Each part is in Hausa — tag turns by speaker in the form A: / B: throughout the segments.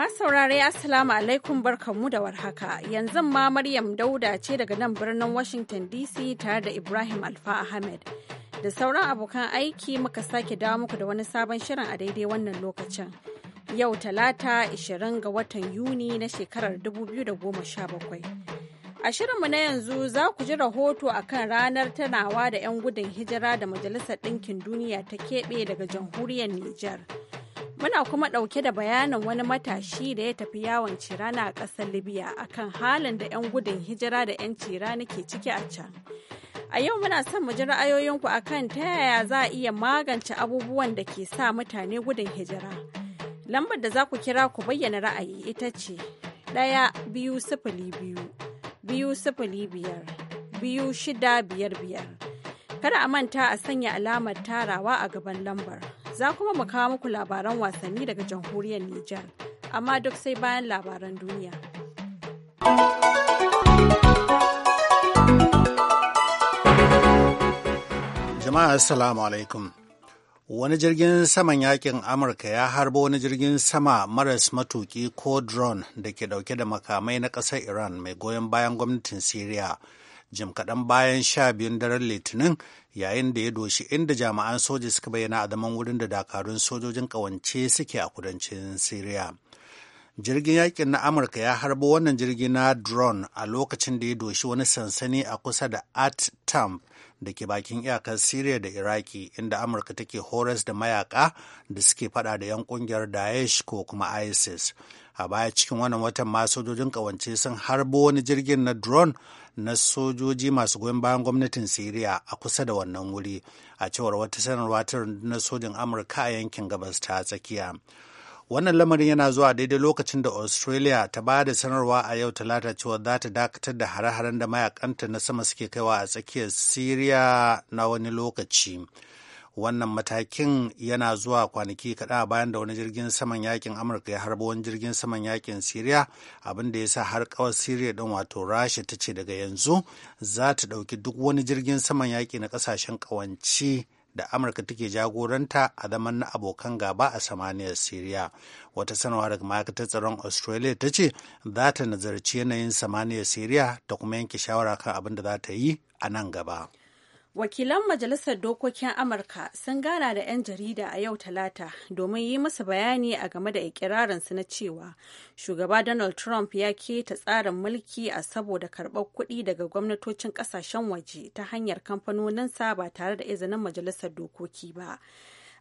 A: Masu saurare Assalamu alaikum barkanmu da warhaka. Yanzu ma Maryam Dauda ce daga nan birnin Washington DC tare da Ibrahim Alfa Ahmed. Da sauran abokan aiki muka sake dawo muku da wani sabon shirin a daidai wannan lokacin. Yau talata 20 ga watan Yuni na shekarar 2017. A shirinmu na yanzu za ku ji rahoto a kan ranar tanawa da 'yan gudun hijira da Majalisar Ɗinkin Duniya ta keɓe daga jamhuriyar Nijar. Muna kuma ɗauke da bayanin wani matashi da ya tafi yawon cirana a ƙasar Libya akan halin da 'yan gudun hijira da 'yan cirana ke ciki a can. A yau muna son mu ji ra'ayoyinku akan ta yaya za a iya magance abubuwan da ke sa mutane gudun hijira. Lambar da za ku kira ku bayyana ra'ayi ita ce ɗaya biyu sifili biyu biyu sifili biyar biyu shida biyar biyar. Kada a manta a sanya alamar tarawa a gaban lambar. za kuma mu kawo muku labaran wasanni daga jamhuriyar Nijar, amma duk sai bayan labaran duniya.
B: Jama'a Assalamu alaikum. Wani jirgin saman yakin Amurka ya harbo wani jirgin sama maras matuki ko drone da ke dauke da makamai na ƙasar Iran mai goyon bayan gwamnatin Siriya. jim kaɗan bayan sha biyun daren litinin yayin da ya doshi inda jami'an soja suka bayyana a zaman wurin da dakarun sojojin ƙawance suke a kudancin siriya jirgin yakin na amurka ya harbo wannan jirgi na drone a lokacin da ya doshi wani sansani a kusa da at tam da ke bakin iyakar siriya da iraki inda amurka take horas da mayaka da suke fada da 'yan kungiyar daesh ko kuma isis a baya cikin wannan watan ma sojojin kawance sun harbo wani jirgin na drone na sojoji masu goyon bayan gwamnatin Siriya a kusa da wannan wuri, a cewar wata sanarwa ta rundunar sojin Amurka a yankin gabas ta tsakiya. Wannan lamarin yana zuwa daidai lokacin da Australia ta ba da sanarwa a yau talata cewa za ta dakatar da hare-haren da mayakanta na sama suke kaiwa a tsakiyar Siriya na wani lokaci. wannan matakin yana zuwa kwanaki kaɗa bayan da wani jirgin saman yakin amurka ya harba wani jirgin saman yakin siriya abin da ya sa har kawar siriya ɗin wato rasha ta ce daga yanzu za ta ɗauki duk wani jirgin saman yaƙi na ƙasashen ƙawance da amurka take jagoranta a zaman na abokan gaba a samaniyar siriya wata sanawa daga ma'aikatar tsaron australia ta ce za ta nazarci yanayin samaniyar siriya ta kuma yanke shawara kan abin da za ta yi a nan gaba
A: Wakilan Majalisar Dokokin Amurka sun gana da 'yan jarida a yau Talata domin yi musu bayani a game da ikirarinsu na cewa shugaba Donald Trump ya keta tsarin mulki a saboda karɓar kuɗi daga gwamnatocin ƙasashen waje ta hanyar kamfanoninsa ba tare da izinin Majalisar Dokoki ba.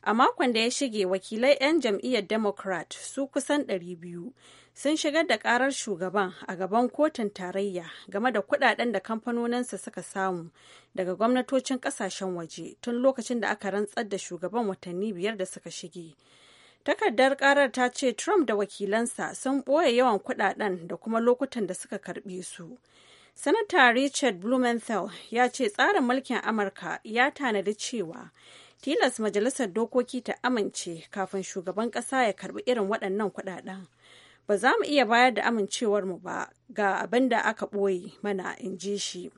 A: A makon da ya shige wakilai 'yan jam'iyyar Democrat su kusan 200 sun shigar da karar shugaban a gaban kotun tarayya game da kudaden da kamfanoninsa suka samu daga gwamnatocin kasashen waje tun lokacin da aka rantsar da shugaban watanni biyar da suka shige takardar karar ta ce trump da wakilansa sun ɓoye yawan kudaden da kuma lokutan da suka karbe su sanata richard blumenthal ya ce tsarin mulkin amurka ya tanadi cewa tilas majalisar dokoki ta amince kafin shugaban ƙasa ya karbi irin waɗannan kudaden ba za mu iya bayar da amincewar mu ba ga abin da aka ɓoye mana in ji shi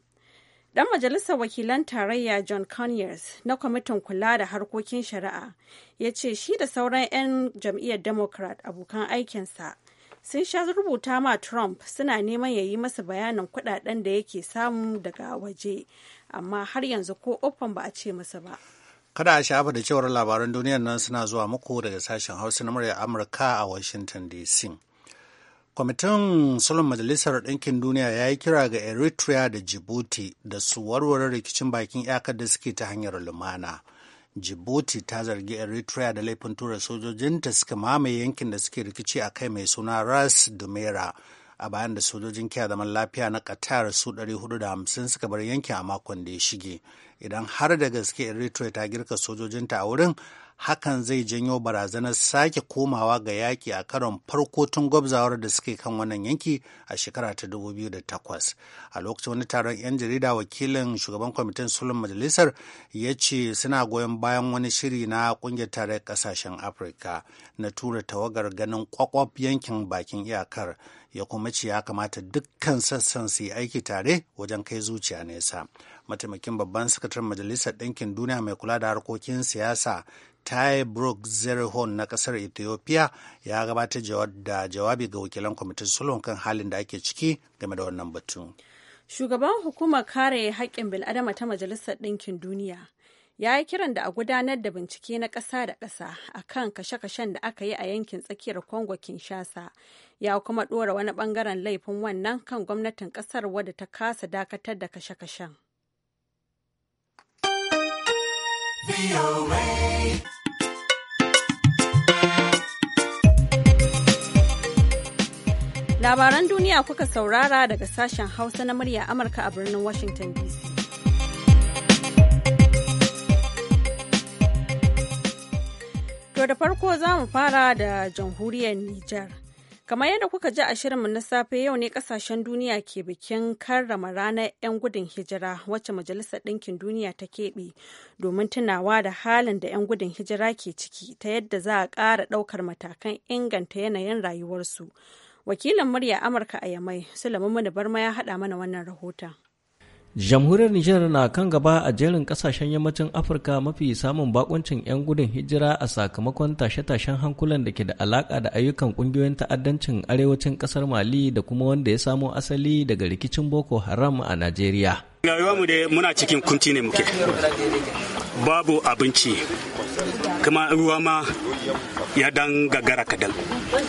A: dan majalisar wakilan tarayya john conyers na kwamitin kula da harkokin shari'a ya ce shi da sauran 'yan jam'iyyar democrat abokan aikinsa sun sha rubuta ma trump suna neman ya yi masa bayanin kudaden da yake samu daga waje amma har yanzu ko ofan ba a ce masa ba
B: kada a shafa da cewar labaran duniyar nan suna zuwa muku daga sashen hausa na murya amurka a washington dc Kwamitin Salon Majalisar Ɗinkin Duniya ya yi kira ga Eritrea da Djibouti da su warware rikicin bakin iyakar da suke ta hanyar lumana. Djibouti ta zargi Eritrea da laifin tura sojojinta suka mamaye yankin da suke rikici a kai mai suna Ras Dumera. A bayan da sojojin kiya zaman lafiya na Qatar su 450 suka bar yankin a makon da ya shige. Idan har da gaske Eritrea ta girka sojojinta a wurin, hakan zai janyo barazanar sake komawa ga yaƙi a karon farko tun gwabzawar da suke kan wannan yanki a shekara ta 2008 a lokacin wani taron 'yan jarida wakilin shugaban kwamitin sulhun majalisar ya ce suna goyon bayan wani shiri na ƙungiyar tare ƙasashen afirka na tura tawagar ganin kwakwaf yankin bakin iyakar ya kuma ce ya kamata dukkan sassan su yi aiki tare wajen kai zuciya nesa mataimakin babban sakataren majalisar ɗinkin duniya mai kula da harkokin siyasa Brook Zerihon na kasar Ethiopia ya gabata da jawabi ga wakilan kwamitin sulhun kan halin da ake ciki game da wannan batu.
A: Shugaban hukumar kare haƙƙin bil'adama ta Majalisar Ɗinkin Duniya ya yi kiran da a gudanar da bincike na ƙasa da ƙasa a kan kashe-kashen da aka yi a yankin tsakiyar Congo Kinshasa ya kuma ɗora wani ɓangaren laifin wannan kan gwamnatin ƙasar wadda ta kasa dakatar da kashe-kashen. Labaran duniya kuka saurara daga sashen Hausa na murya Amurka a birnin Washington DC. To da farko za mu fara da jamhuriyar Nijar. Kamar yadda kuka ji a shirinmu na safe yau ne kasashen duniya ke bikin karrama ranar 'yan gudun hijira wacce Majalisar Ɗinkin Duniya ta keɓe domin tunawa da halin da 'yan gudun hijira ke ciki ta yadda za a ƙara ɗaukar matakan inganta yanayin rayuwarsu. Wakilin murya Amurka a Yamai, Sulaiman Barma ya haɗa mana wannan rahoton.
C: jamhuriyar nijar na kan gaba a jerin kasashen yammacin afirka mafi samun bakuncin 'yan gudun hijira a sakamakon tashe-tashen hankulan da ke da alaka da ayyukan kungiyoyin ta'addancin arewacin kasar mali da kuma wanda ya samo asali daga rikicin boko haram a najeriya
D: mu da muna cikin kunci ne muke babu abinci kuma ruwa ma ya dan gagara kadan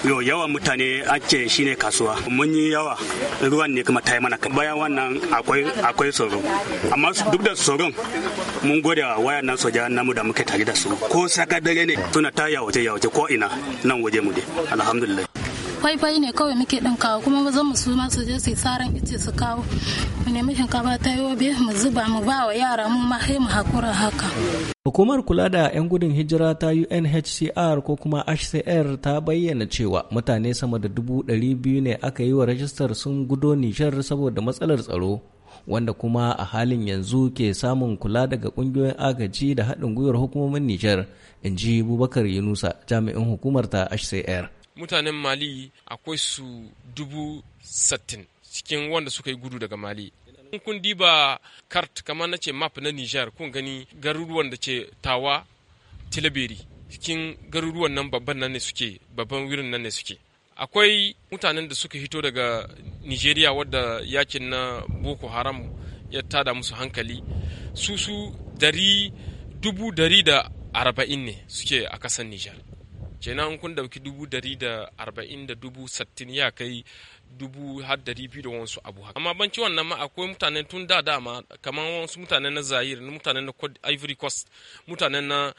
D: yo yawan mutane ake shine kasuwa mun yi yawa ruwan ne kuma ta yi mana bayan wannan akwai akwai tsoro amma duk da tsoron mun gode wa wayan nan soja namu da muke tare da su ko saka dare ne suna ta yawace yawace ko ina nan waje mu dai alhamdulillah
A: faifai ne kawai muke kawo kuma zan mu su ma su je su saran ice su kawo mu mu shinkafa ta yobe mu zuba mu ba wa yara mu ma sai mu hakura haka
C: Hukumar kula da 'yan gudun hijira ta UNHCR ko kuma HCR ta bayyana cewa mutane sama da dubu ɗari biyu ne aka yi wa rajistar sun gudo Nijar saboda matsalar tsaro wanda kuma a halin yanzu ke samun kula daga kungiyoyin agaji da haɗin gwiwar hukumomin Nijar, in ji Bubakar Yunusa jami'in hukumar ta HCR.
E: mutanen mali akwai su dubu sattin cikin wanda suka yi gudu daga mali in kun diba kart kamar na ce map na nijar kun gani garuruwan da ce tawa tilaberi cikin garuruwan nan babban nan ne suke babban wurin nan ne suke akwai mutanen da suka hito daga nigeria wadda yakin na boko haram ya tada musu hankali su su dari dubu dari da arba'in ne suke a ƙasar nijar kenan kun dauki dubu dari da arba'in da dubu sattin ya kai dubu har dari biyu da wasu abu haka amma banci wannan ma akwai mutane tun da dama kamar wasu mutane na zahir mutane na ivory coast mutane na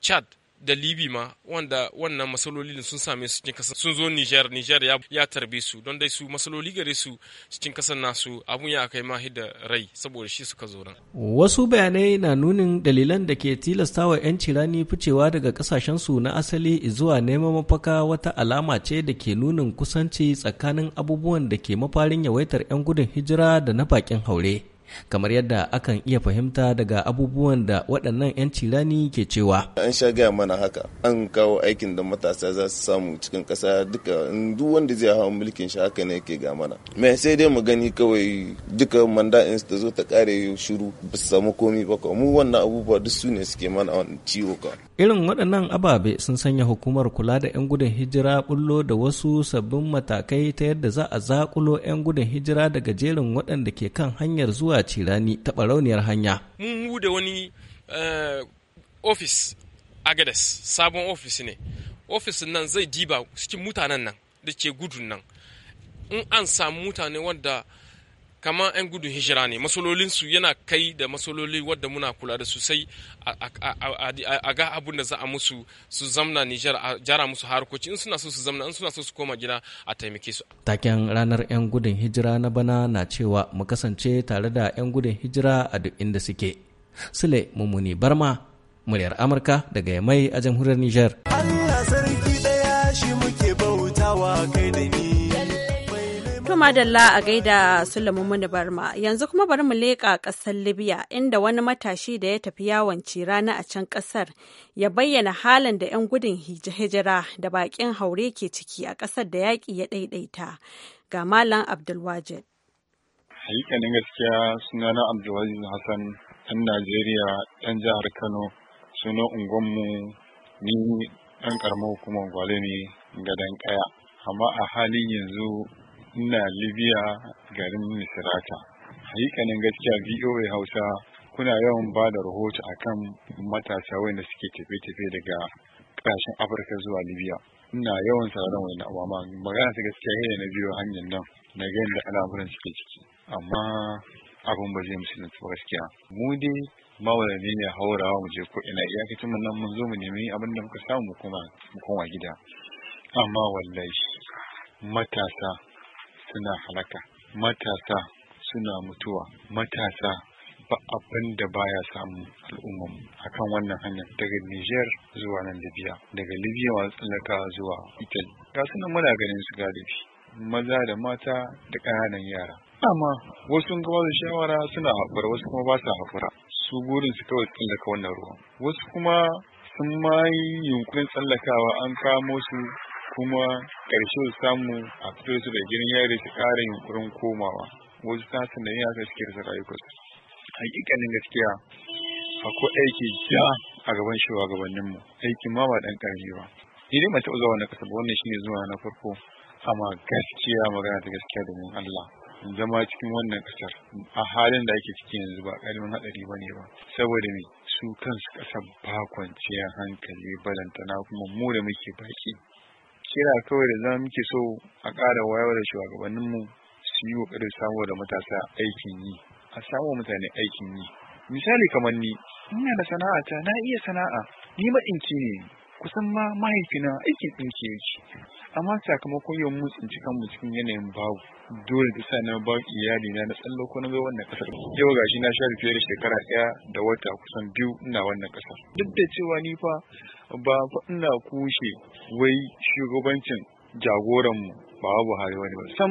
E: chad da libi ma wanda wannan masaloli sun same su cikin kasar sun zo niger niger ya, tarbe su don dai su masaloli gare su cikin kasar nasu abun ya kai mahi da rai saboda shi suka zo nan
C: wasu bayanai na nunin dalilan da ke tilastawa yan cirani ficewa daga kasashen su na asali zuwa neman mafaka wata alama ce da ke nunin kusanci tsakanin abubuwan da ke mafarin yawaitar yan gudun hijira da na bakin haure kamar yadda akan iya fahimta daga abubuwan da waɗannan 'yan cirani ke cewa.
F: An sha gaya mana haka an kawo aikin da matasa za su samu cikin ƙasa duka duk wanda zai hawa mulkin shi haka ne ke ga mana. Me sai dai mu gani kawai duka manda in ta zo ta ƙare shiru ba su samu komi ba mu wannan abubuwa duk su ne suke mana wani ciwo ka.
C: Irin waɗannan ababe sun sanya hukumar kula da 'yan gudun hijira bullo da wasu sabbin matakai ta yadda za a zakulo 'yan gudun hijira daga jerin waɗanda ke kan hanyar zuwa zuwa cirani ta barauniyar hanya.
E: Mun bude wani eh, ofis Agadas sabon ofis ne. Ofis nan zai diba cikin mutanen nan da ke gudun nan. In an samu mutane wanda kama 'yan gudun hijira ne masololinsu yana kai da masololi wadda muna kula da su sai a ga abun da za a musu su zamna Nijar a jara musu harkoci in suna so su zamna in suna so su koma gida a taimake su. Taken
C: ranar 'yan gudun hijira na bana na cewa mu kasance tare da 'yan gudun hijira a duk inda suke. Sule mummuni Barma, muryar Amurka daga Yamai a jamhuriyar niger.
D: Allah sarki ɗaya shi muke bautawa kai da
A: To madalla a gaida Sulaiman da Barma yanzu kuma bari mu leƙa ƙasar Libya inda wani matashi da ya tafi yawon rana a can ƙasar ya bayyana halin da 'yan gudun hijira da baƙin haure ke ciki a ƙasar da yaƙi ya ɗaiɗaita ga Malam Abdulwajid.
G: Hakikanin gaskiya sunana Abdulwajid Hassan ɗan Najeriya ɗan jihar Kano suna unguwanmu ni ɗan ƙaramar hukumar Gwale ne ɗan ƙaya amma a halin yanzu ina libya garin Misirata. hakikanin gaskiya voa hausa kuna yawan ba da rahoto kan matasa wanda suke tafe-tafe daga kasashen afirka zuwa libya ina yawan sauran wani amma magana ta gaskiya yadda na biyo hanyar nan na ga da al'amuran suke ciki amma abin ba zai musulunci ba gaskiya mu dai mawalani ne haurawa mu je ko ina iyakacin mun nan mun zo mu nemi abin da muka samu mu koma gida amma wallahi matasa suna halaka matasa suna mutuwa matasa ba abin da baya samun A kan wannan hanyar daga Niger zuwa nan Libya daga Libya wa tsallaka zuwa Italy ga suna muna ganin su galibi maza da mata da ƙananan yara amma wasu sun gaba da shawara suna haƙura wasu kuma ba su haƙura su burin su kawai tsallaka wannan ruwan wasu kuma sun ma yi yunkurin tsallakawa an kamo su kuma ƙarshe su samu a fito su da gidan yari su ƙara yunkurin komawa wasu ta sanadin haka suke rasa rayukansu hakikanin gaskiya akwai aiki ja a gaban mu aikin ma ba ɗan ƙarfi ba ni mace zuwa wannan kasa wannan shine zuwa na farko amma gaskiya magana ta gaskiya domin Allah zama cikin wannan kasar a halin da ake ciki yanzu ba ƙaramin haɗari ba ne ba saboda me su kansu ƙasar ba kwanciyar hankali balantana kuma mu da muke baƙi. kira kawai da za muke so a ƙara wayar da shugabanninmu su yi ƙoƙarin samu da matasa aikin yi a samu mutane aikin yi misali kamar ni ina da sana'a ta na iya sana'a ni maɗinki ne kusan ma mahaifina aikin ke yake amma sakamakon yau mun cikin kanmu cikin yanayin babu dole da sa na ba iyali na na tsallo ko na wannan kasar yau ga shi na sha fiye da shekara ɗaya da wata kusan biyu ina wannan kasar duk da cewa ni fa ba ina kushe wai shugabancin jagoranmu ba Buhari wani ba sam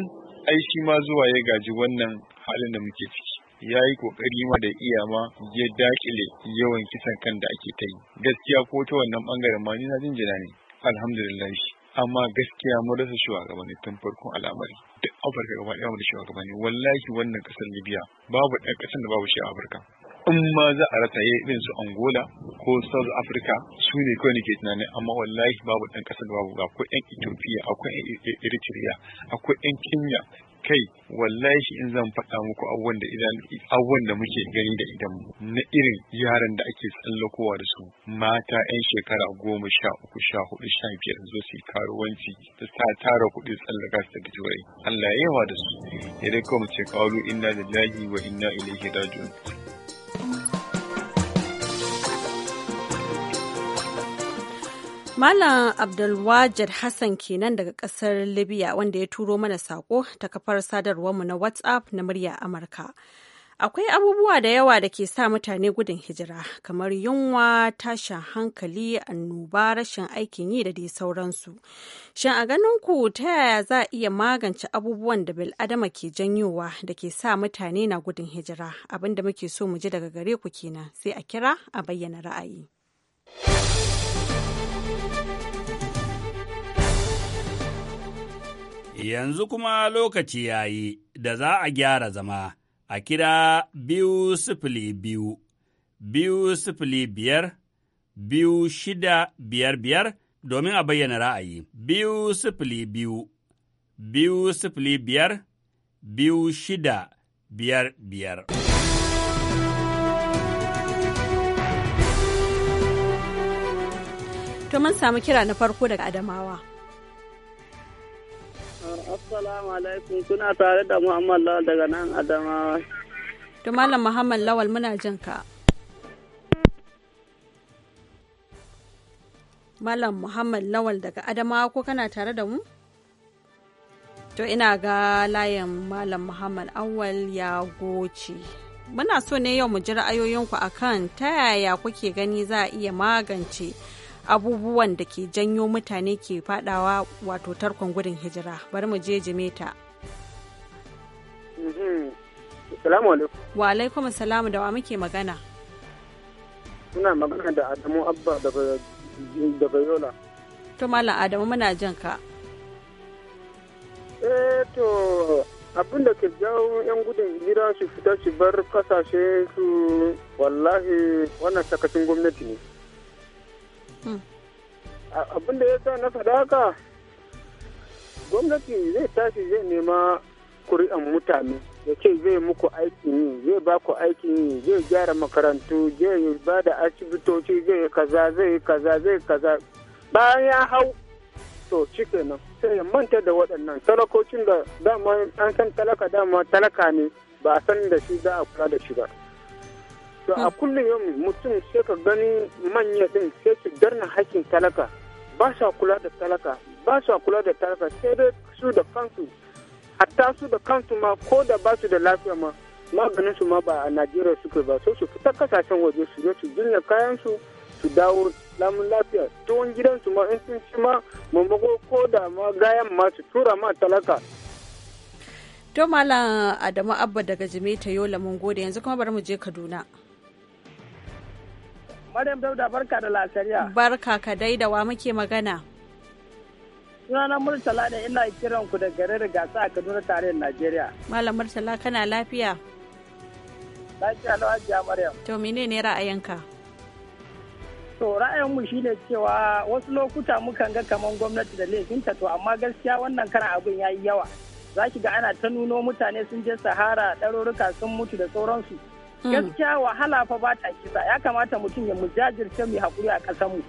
G: aiki ma zuwa ya gaji wannan halin da muke ciki ya yi kokari ma da iya ma ya dakile yawan kisan kan da ake ta yi gaskiya ko ta wannan bangaren ma ni na jina ne alhamdulillah amma gaskiya mun rasa shugabanni tun farkon al'amari duk afirka gaba ɗaya mu da shugabanni wallahi wannan ƙasar libya babu ɗan ƙasar da babu shi a afirka in ma za a rasa ya irin su angola ko south africa su ne kawai ke tunanin amma wallahi babu ɗan ƙasar da babu akwai yan ethiopia akwai ɗan eritrea akwai ɗan kenya kai wallahi in zan faɗa muku abubuwan da idan abubuwan da muke gani da idan na irin yaran da ake tsallakowa da su mata yan shekara goma sha uku sha hudu sha biyar zo su karuwanci da sa tara kuɗi tsallaka su da jiwai Allah ya yawa da su ya dai kawo mu ce kawo inna lillahi wa inna ilaihi raji'un
A: Malam Abdulwajid Hassan kenan daga ƙasar Libya wanda ya turo mana sako ta kafar mu na WhatsApp na murya Amurka. Akwai abubuwa da yawa da ke sa mutane gudun hijira kamar yunwa, tashin hankali, annoba, rashin aikin yi da dai sauransu. Shin a ganin ku ta yaya za a iya magance abubuwan da bil'adama ke janyowa da ke sa mutane na gudun hijira? Abin da muke so mu ji daga gare ku kenan sai a kira a bayyana ra'ayi.
B: Yanzu kuma lokaci ya yi da za a gyara zama a kira biyu sifili biyu,
H: biyu sifili biyar, biyu shida biyar biyar domin a bayyana ra'ayi. Biyu sifili biyu, biyu sifili biyar, biyu shida biyar biyar.
A: To mun samu kira na farko daga Adamawa.
H: Assalamu alaikum kuna tare da Muhammad Lawal daga nan Adamawa.
A: To Malam Muhammad Lawal muna jin ka. Malam Muhammad Lawal daga Adamawa ko kana tare da mu? To ina ga layin Malam Muhammad Awal ya goce. Muna so ne yau mu ji ra'ayoyinku akan ta yaya kuke gani za a iya magance abubuwan da ke janyo mutane ke fadawa wato tarkon gudun hijira bari mu je jimeta mhm. Salamu alaikum. Wa alaikum salamu da wa muke magana.
D: suna magana da Adamu Abba daga Yola.
A: To Malam Adamu muna jan ka.
D: Eh to
H: abin da ke jawo 'yan gudun hira su fita su bar kasashe su wallahi wannan sakacin gwamnati ne. abin da ya sa na faɗa gwamnati zai tashi zai nema kuri'an mutane ya ce zai muku aiki yi zai ba ku aiki yi zai gyara makarantu zai ba da asibitoci zai kaza zai kaza zai kaza bayan ya hau to shi kenan sai ya manta da waɗannan talakocin da dama an san talaka dama talaka ne ba a san da shi za a kula da shi ba. to a hmm. kullum yau mutum sai ka gani manya din sai su darna hakkin talaka ba sa kula da talaka ba sa kula da talaka sai dai su da kansu hatta su da kansu ma ko da ba su da lafiya ma maganin su ma ba a najeriya suke ba so su fita kasashen waje su ne su jinya kayan su su dawo lamun lafiya tuwon gidansu ma in sun ci ma mamako ko da ma gayan ma su tura ma talaka
A: to malam adamu abba daga jimeta yola mun gode yanzu kuma bari mu je kaduna Maryam Dauda barka da lasariya. Barka ka dai da wa muke magana.
H: Sunana Murtala ne ina kiran ku da garin gasa a Kaduna da Najeriya.
A: Malam Murtala kana lafiya?
H: Lafiya na Hajiya Maryam.
A: To ne ra'ayinka?
H: To ra'ayinmu ne cewa wasu lokuta mukan ga kamar gwamnati da laifinta to amma gaskiya wannan karan abin ya yi yawa. Za ga ana ta nuno mutane sun je Sahara ɗarurruka sun mutu da sauransu. Hmm. gaskiya wahala fa ba ta kisa ya kamata mutum ya mu jajirce mu hakuri a ƙasar mu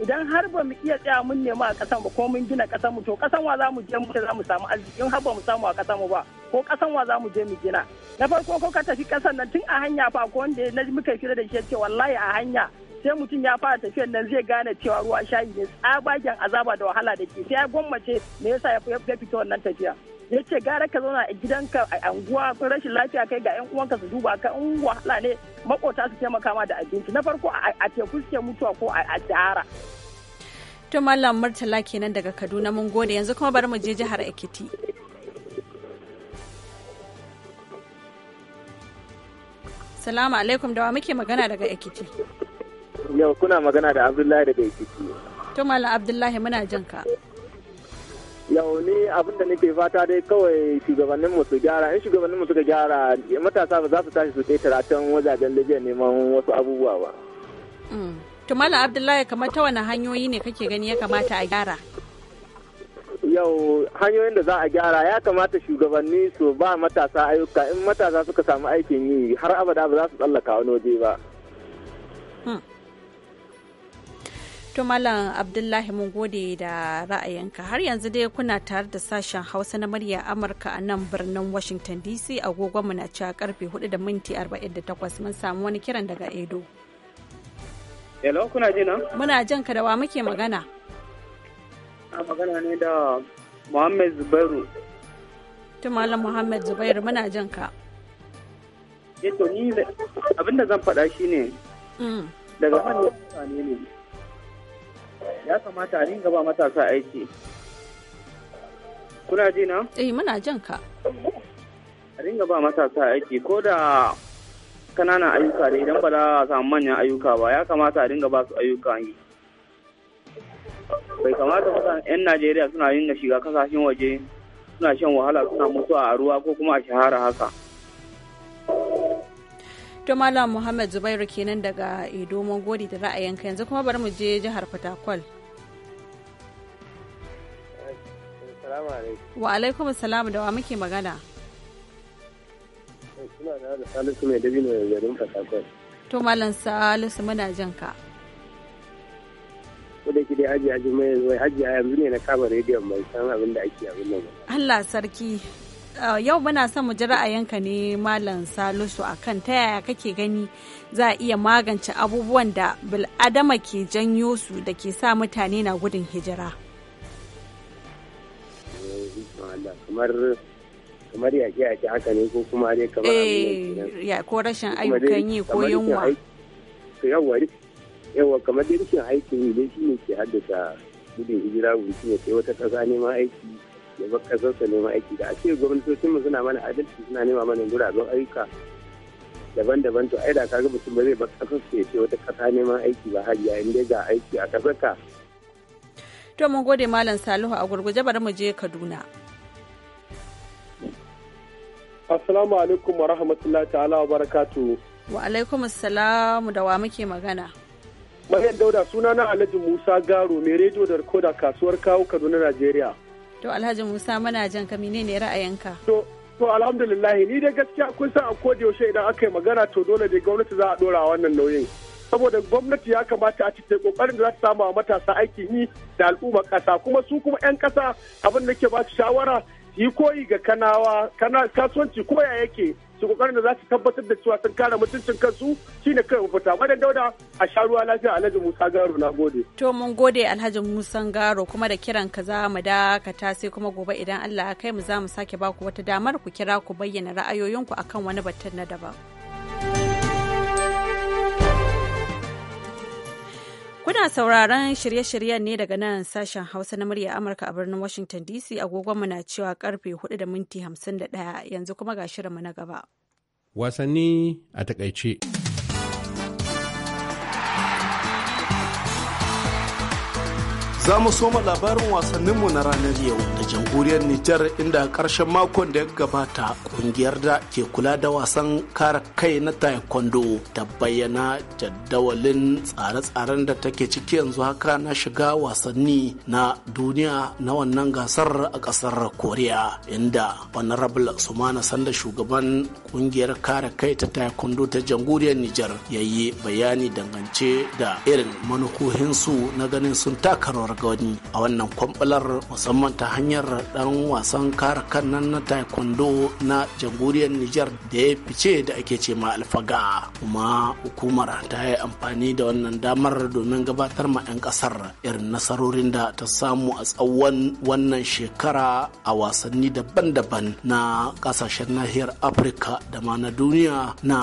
H: idan har ba mu iya tsaya mun nema a ƙasar mu ko mun gina ƙasar mu to ƙasar wa za mu je mu za mu samu arziki in har ba mu samu a ƙasar mu ba ko ƙasar wa za mu je mu gina na farko ko ka tafi ƙasar nan tun a hanya fa ko wanda na muka kira da shi ce wallahi a hanya sai mutum ya fara tafiyar nan zai gane cewa ruwa shayi ne tsabagen azaba da wahala da ke sai ya gwammace me yasa ya fito wannan tafiya. ya ce gara ka zauna a gidanka a anguwa kun rashin lafiya kai ga yan uwanka su duba ka in wahala ne makota su taimaka ma da abinci na farko a teku suke mutuwa ko a dara
A: to mallam murtala kenan daga kaduna mun gode yanzu kuma bari mu je jihar ekiti salamu alaikum dawa muke magana daga ekiti
H: yau kuna magana da abdullahi daga ekiti
A: to mallam abdullahi muna jin ka
D: to ni abin da nake fata dai kawai shugabannin mu su gyara in shugabannin mu suka gyara matasa ba za su tashi su kai taratan wajajen lajiyar neman wasu abubuwa ba.
A: Mm. to mala abdullahi kamar ta wani hanyoyi ne kake gani ya kamata a gyara
D: yau hanyoyin da za a gyara ya kamata shugabanni su ba matasa ayyuka in matasa suka samu aikin yi har abada ba za su tsallaka wani waje
G: ba.
A: Mm. To Malam Abdullahi mun gode da ra'ayinka har yanzu dai kuna tare da sashen Hausa na murya Amurka a nan birnin Washington DC agogonmu na cewa karfe 4 da minti 48 mun samu wani kiran daga Edo.
H: Hello kuna ji nan.
A: Muna jan ka da wa muke magana.
H: Na magana ne da Muhammad Zubairu.
A: To Malam Muhammad Zubairu muna jan ka.
H: Eh to ni abinda zan faɗa shine. Mm. Daga wannan mutane ne. ya kamata a dinga ba matasa aiki kuna ji na?
A: eh muna jan ka
H: a dinga ba matasa aiki ko da kananan ayyuka ne idan ba za a samu manyan ayyuka ba ya kamata a dinga ba su ayyuka yi bai kamata mutane 'yan najeriya suna yin shiga kasashen waje suna shan wahala suna mutuwa a ruwa ko kuma a shahara haka
A: to malam muhammad zubairu kenan daga edo mun gode da ra'ayinka yanzu kuma bari mu je jihar fatakwal Salamu alaikum. Wa alaikum salamu da wa muke magana.
H: Suna na da Salisu mai dabino da garin Fatakwal.
A: To Malam Salisu muna jin ka.
H: Kuda da ki dai haji haji mai zuwa haji a yanzu ne na kama rediyon mai san abin da ake abin nan.
A: Allah sarki. Yau muna son mu ji ra'ayinka ne Malam Salisu akan ta yaya kake gani za a iya magance abubuwan da bil'adama ke janyo su da ke sa mutane na gudun hijira.
H: kamar kamar yaƙe yaƙe haka ne ko kuma dai kamar eh,
A: ya ko rashin ayyukan yi ko yunwa
H: yawwa yawwa kamar dai rashin aikin yi dai shine ke haddasa gudun hijira wuce ne sai wata kasa neman aiki ya bar ƙasarsa neman aiki da a ce gwamnatocinmu suna mana adalci suna nema mana guraben ayyuka daban-daban to ai da kaga mutum ba zai bar ƙasarsa ya ce wata kasa neman aiki ba har yayin da ga aiki a ƙasarka.
A: To mun gode Malam Salihu a gurguje bari mu je Kaduna.
H: Assalamu alaikum wa rahmatullahi ta'ala wa barakatu.
A: Wa alaikum assalamu da wa muke magana.
D: Maryam
E: Dauda suna na
D: Alhaji Musa Garo mai rediyo da rikoda kasuwar kawo Kaduna Najeriya.
A: To Alhaji Musa mana jan ka ne ra'ayinka? To to alhamdulillah ni dai gaskiya kun san a koda yaushe idan aka yi magana to dole dai gwamnati za a dora
H: wannan nauyin. saboda gwamnati ya kamata a cikin kokarin da za ta samu matasa aikin yi da al'umma kasa kuma su kuma 'yan kasa abin da ke ba su shawara su yi koyi ga kanawa kasuwanci koya yake su kokarin da za su tabbatar da cewa sun kare mutuncin kansu shine kai mafita madan dauda a sha ruwa lafiya alhaji musa garo na gode
A: to mun gode alhaji musa garo kuma da kiran ka za mu dakata sai kuma gobe idan allah ya kai mu za mu sake baku wata damar ku kira ku bayyana ra'ayoyinku akan wani batun na daban Kuna sauraron shirye-shiryen ne daga nan sashen Hausa na murya Amurka a birnin Washington DC agogonmu na cewa karfe 4 da minti 51 yanzu kuma ga shirinmu na gaba.
B: Wasanni a takaice.
D: Za mu soma labarin wasanninmu na ranar yau da jamhuriyar Nijar inda ƙarshen makon da ya gabata ƙungiyar da ke kula da wasan kare kai na taekwondo ta bayyana jadawalin tsare-tsaren da take ciki yanzu haka na shiga wasanni na duniya na wannan gasar a ƙasar Koriya inda Honorable Sumana Sanda shugaban ƙungiyar kare kai ta taekwondo ta jamhuriyar Nijar ya yi bayani dangance da irin manukohinsu na ganin sun takarwar wani a wannan kwamfalar musamman ta hanyar dan wasan kare kan nan na taekwondo na jamhuriyar niger da ya fice da ake ce ma alfaga kuma hukumar ta yi amfani da wannan damar domin gabatar ma 'yan kasar irin nasarorin da ta samu a tsawon wannan shekara a wasanni daban-daban na kasashen nahiyar afirka da ma na duniya na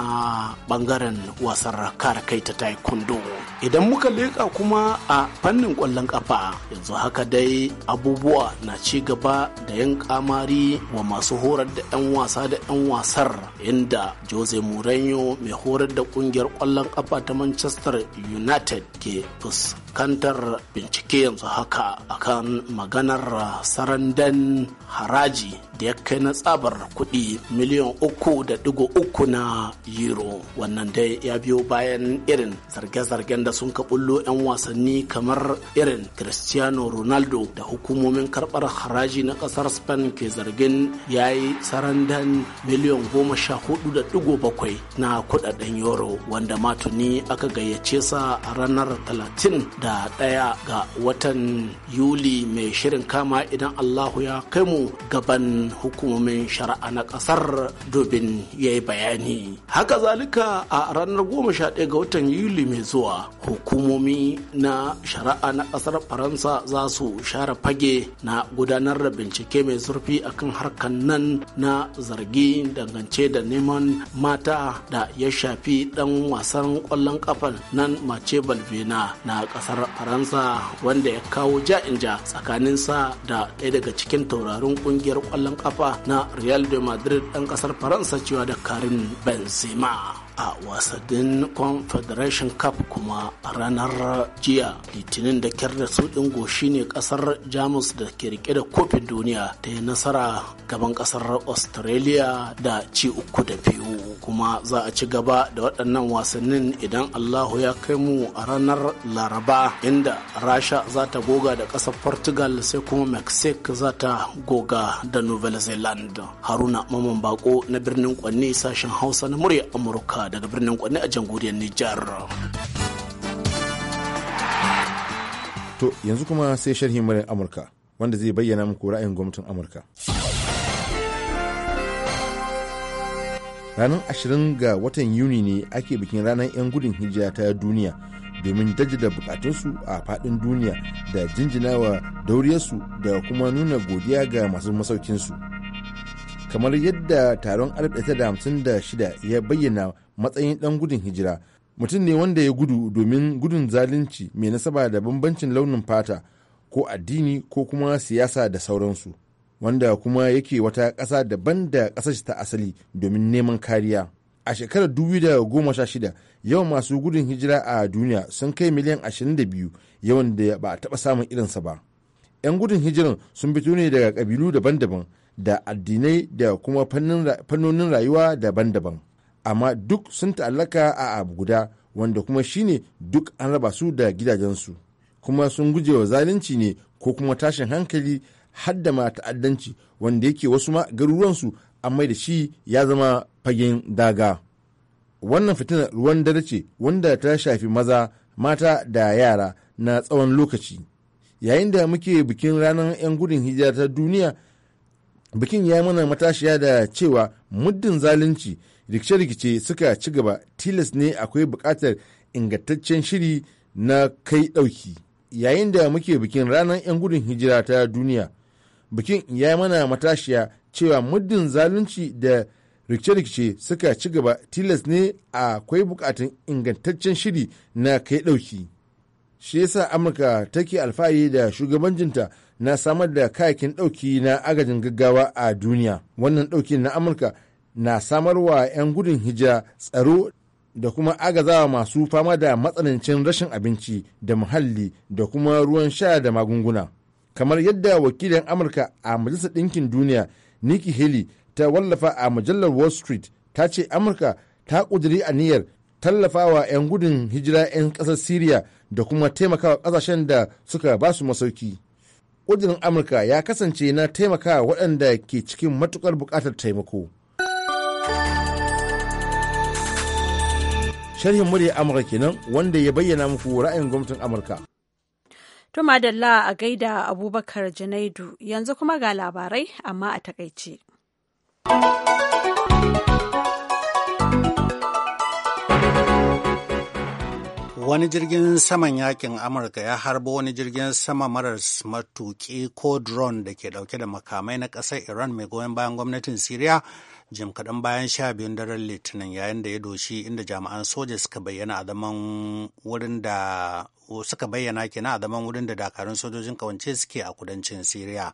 D: bangaren wasan kare kai ta taekwondo idan muka leƙa kuma a fannin ƙwallon ƙafa yanzu haka dai abubuwa na ci gaba da yin kamari wa masu horar da 'yan wasa da 'yan wasar inda jose mourinho mai horar da kungiyar kwallon kafa ta manchester united ke fuskantar bincike yanzu haka akan maganar sarandan haraji da ya kai na tsabar kuɗi miliyan uku da digo uku na euro wannan dai ya biyo bayan irin zarge-zargen da sun ka 'yan wasanni kamar irin cristiano ronaldo da hukumomin karbar haraji na kasar spain ke zargin ya yi sarandan miliyan goma sha hudu da digo bakwai na kudaden euro wanda matuni aka gayyace sa a ranar talatin da daya ga watan yuli mai shirin kama idan allahu ya kai mu gaban hukumomin shari'a na kasar domin ya yi bayani haka zalika a ranar goma sha daya ga watan yuli mai zuwa hukumomi na shari'a na kasar faransa za su share fage na gudanar da bincike mai zurfi akan harkan nan na zargi dangance da neman mata da ya shafi dan wasan kwallon kafan nan mace balvena na kasar faransa wanda ya kawo ja ja'inja sa da ɗaya daga cikin taurarin kungiyar kwallon kafa na real de madrid dan kasar faransa cewa da karin benzema a wasannin confederation cup kuma ranar jiya litinin da kyar da sudin goshi ne kasar jamus da ke rike da kofin duniya ta yi nasara gaban kasar australia da ci uku da biyu kuma za a ci gaba da waɗannan wasannin idan allahu ya kai mu a ranar laraba inda rasha za ta goga da ƙasar portugal sai kuma mexico za ta goga da nouvelle zealand haruna maman bako na birnin kwanne sashen hausa na murya amurka daga birnin kwanne a jamhuriyar nijar
F: to yanzu kuma sai sharhin murya amurka wanda zai bayyana muku ra'ayin gwamnatin amurka ranar ashirin ga watan yuni ne ake bikin ranar 'yan gudun hijira ta duniya domin jaddada bukatunsu a fadin duniya da jinjinawa dauriyarsu da kuma nuna godiya ga masu masaukinsu kamar yadda taron 1956 ya bayyana matsayin dan gudun hijira mutum ne wanda ya gudu domin gudun zalunci mai nasaba da bambancin launin fata ko addini ko kuma siyasa da sauransu wanda kuma yake wata ƙasa daban da ƙasar ta asali domin neman kariya. A shekarar 2016 yawan masu gudun hijira a duniya sun kai miliyan 22 yawan da ba a taɓa samun irinsa ba. 'Yan gudun hijiran sun fito ne daga ƙabilu daban-daban da addinai da kuma fannonin rayuwa daban-daban. Amma duk sun ta'allaka a abu guda wanda kuma shine duk an raba su da gidajensu. Kuma sun gujewa zalunci ne ko kuma tashin hankali haddama ma ta'addanci wanda yake wasu ma garuruwansu amma da shi ya zama fagen daga wannan fitinar ruwan dare ce wanda ta shafi maza mata da yara na tsawon lokaci yayin da muke bikin ranar 'yan gudun hijira ta duniya bikin ya mana matashiya da cewa muddin zalunci rikice-rikice suka ci gaba tilas ne akwai bukatar ingantaccen shiri na kai ɗauki yayin da muke bikin ranar 'yan gudun hijira ta duniya bikin ya mana matashiya cewa muddin zalunci da rikice-rikice suka ci gaba tilas ne akwai bukatun ingantaccen shiri na kai dauki Shi yasa Amurka take alfahari da shugabancinta na samar da kayakin dauki na agajin gaggawa a duniya. Wannan dauki na Amurka na samarwa 'yan gudun hijira tsaro da kuma agazawa masu fama da matsanancin rashin abinci da muhalli da kuma ruwan sha da magunguna. kamar yadda wakilin amurka a majalisar ɗinkin duniya nikki haley ta wallafa a mujallar wall street ta ce amurka ta ƙudiri niyyar tallafawa 'yan gudun hijira 'yan ƙasar syria da kuma taimakawa ƙasashen da suka ba su masauki ƙudurin amurka ya kasance na taimakawa waɗanda ke cikin matuƙar buƙatar taimako sharhin murya amurka kenan wanda ya bayyana muku ra'ayin gwamnatin amurka
A: To madalla a gaida Abubakar Janaidu yanzu kuma ga labarai amma a takaice.
B: Wani jirgin saman yakin Amurka ya harbo wani jirgin sama marar matuki ko drone da ke dauke da makamai na ƙasar Iran mai goyon bayan gwamnatin Siriya jim kaɗan bayan sha biyun daren litinin yayin da ya doshi inda jami'an soja suka bayyana a zaman wurin da suka bayyana kenan a zaman wurin da dakarun sojojin kawance suke a kudancin Siriya.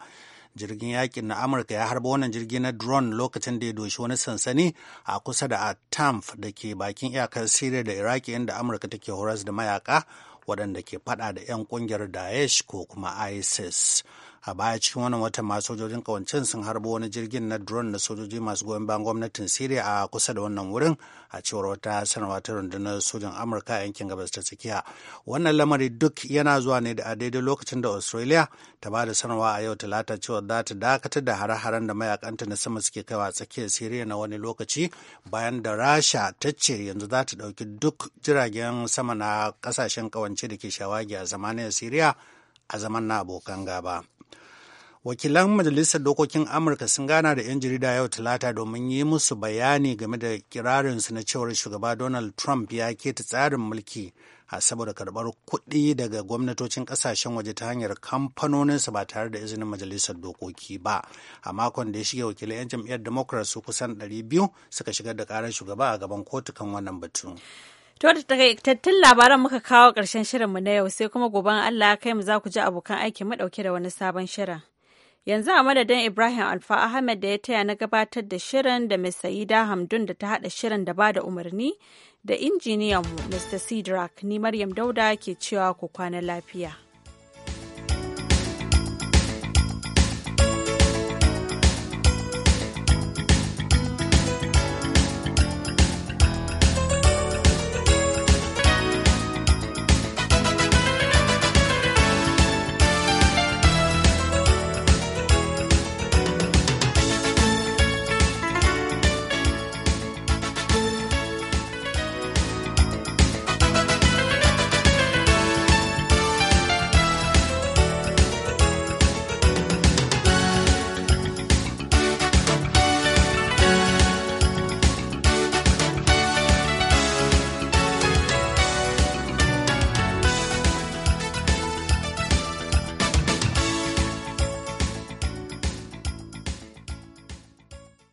B: jirgin yakin na amurka ya harba wannan jirgi na drone lokacin da ya doshi wani sansani a kusa da atamf da ke bakin iyakar syria da iraki inda amurka take horas da mayaka waɗanda ke fada da 'yan kungiyar daesh ko kuma isis a baya cikin wannan watan ma sojojin kawancin sun harbo wani jirgin na drone na sojoji masu goyon bayan gwamnatin syria a kusa da wannan wurin a cewar wata sanarwa ta rundunar sojin amurka a yankin gabas ta tsakiya wannan lamari duk yana zuwa ne a daidai lokacin da australia ta ba da sanarwa a yau talata cewa za ta dakatar da hare-haren da mayakanta na sama suke kaiwa tsakiyar syria na wani lokaci bayan da rasha ta ce yanzu za ta ɗauki duk jiragen sama na kasashen kawance da ke shawagi a zamanin syria a zaman na abokan gaba. wakilan majalisar dokokin amurka sun gana da 'yan jarida yau talata domin yi musu bayani game da kirarinsu na cewar shugaba donald trump ya keta tsarin mulki a saboda karbar kuɗi daga gwamnatocin kasashen waje ta hanyar kamfanoninsu ba tare da izinin majalisar dokoki ba a makon da ya shige wakilai 'yan jam'iyyar democrat su kusan 200 suka shigar da karar shugaba a gaban kotu kan wannan batu
A: To da takaitattun labaran muka kawo ƙarshen shirinmu na yau sai kuma gobe Allah kai mu za ku ji abokan aiki mu ɗauke da wani sabon shirin. Yanzu a madadin Ibrahim Alfa Ahmed da ya taya na gabatar da shirin da mai Saida Hamdun da ta haɗa shirin da ba da umarni da injiniyanmu Mr. Sidrak ni Maryam Dauda ke cewa ku kwana lafiya.